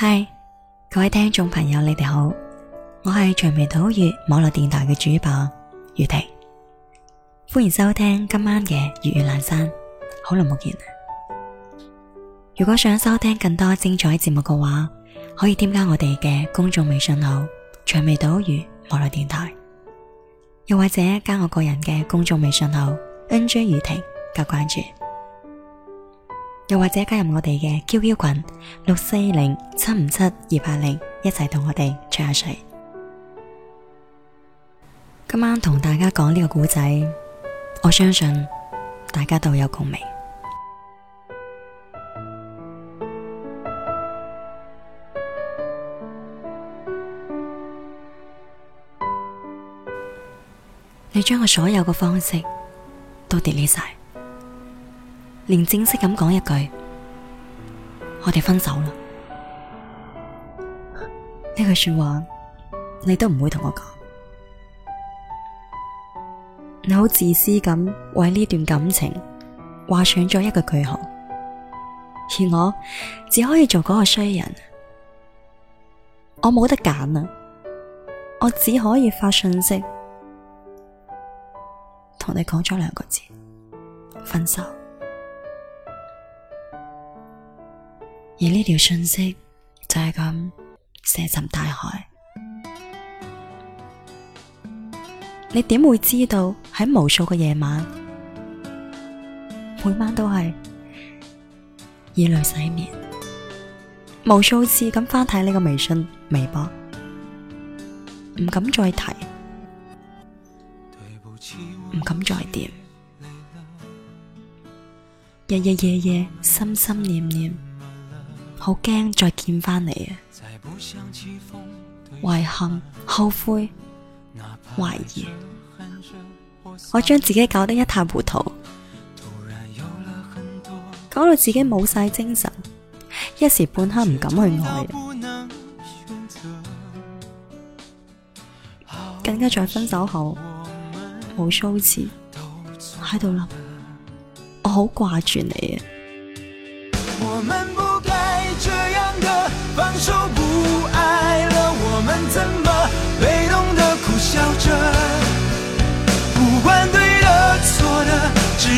嗨，各位聽眾朋友，你哋好，我係長眉島月網絡電台嘅主播雨婷，歡迎收聽今晚嘅粵語闌珊，好耐冇見。如果想收聽更多精彩節目嘅話，可以添加我哋嘅公眾微信號長眉島月網絡電台，又或者加我個人嘅公眾微信號 NJ 雨婷加關注。又或者加入我哋嘅 QQ 群六四零七五七二八零，一齊同我哋吹下水。今晚同大家講呢個古仔，我相信大家都有共鳴。你將我所有嘅方式都 delete 晒。連正式咁講一句，我哋分手啦！呢句說話你都唔會同我講，你好自私咁為呢段感情畫上咗一個句號，而我只可以做嗰個衰人，我冇得揀啊！我只可以發信息同你講咗兩個字：分手。而呢條信息就係咁石沉大海，你點會知道喺無數個夜晚，每晚都係以淚洗面，無數次咁翻睇你嘅微信、微博，唔敢再提，唔敢再掂，日日夜夜心心念念。好驚再見翻你啊！遺憾、後悔、懷疑，我將自己搞得一塌糊塗，搞到自己冇晒精神，一時半刻唔敢去愛，更加在分手後無數次，喺度諗，我好掛住你啊！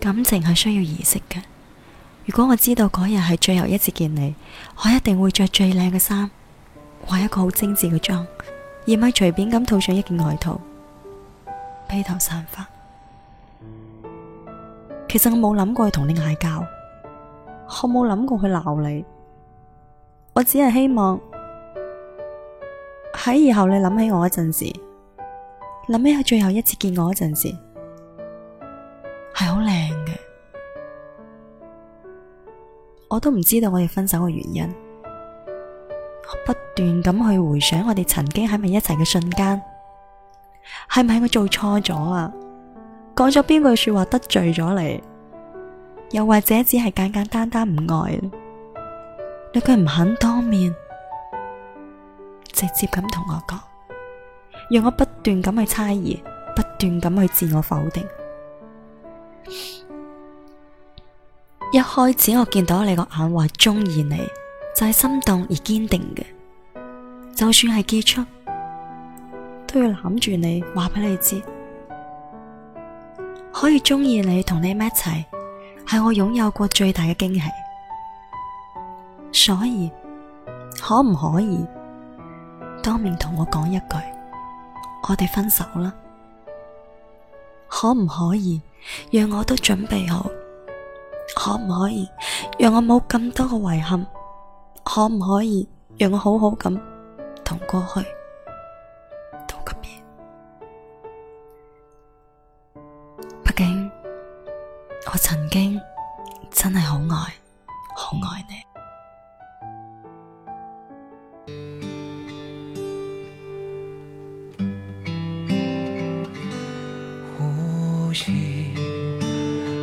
感情係需要儀式嘅。如果我知道嗰日係最後一次見你，我一定會着最靚嘅衫，畫一個好精致嘅妝，而唔係隨便咁套上一件外套，披頭散髮。其實我冇諗過去同你嗌交，我冇諗過去鬧你，我只係希望喺以後你諗起我嗰陣時，諗起佢最後一次見我嗰陣時。我都唔知道我哋分手嘅原因，我不斷咁去回想我哋曾經喺埋一齊嘅瞬間，係咪我做錯咗啊？講咗邊句說話得罪咗你？又或者只係簡簡單單唔愛？你佢唔肯當面直接咁同我講，讓我不斷咁去猜疑，不斷咁去自我否定。一開始我見到你個眼話中意你，就係心動而堅定嘅。就算係結束，都要攬住你話俾你知，可以中意你同你一齊，係我擁有過最大嘅驚喜。所以，可唔可以當面同我講一句，我哋分手啦？可唔可以讓我都準備好？可唔可以讓我冇咁多嘅遺憾？可唔可以讓我好好咁同過去道個別？畢竟我曾經真係好愛，好愛你。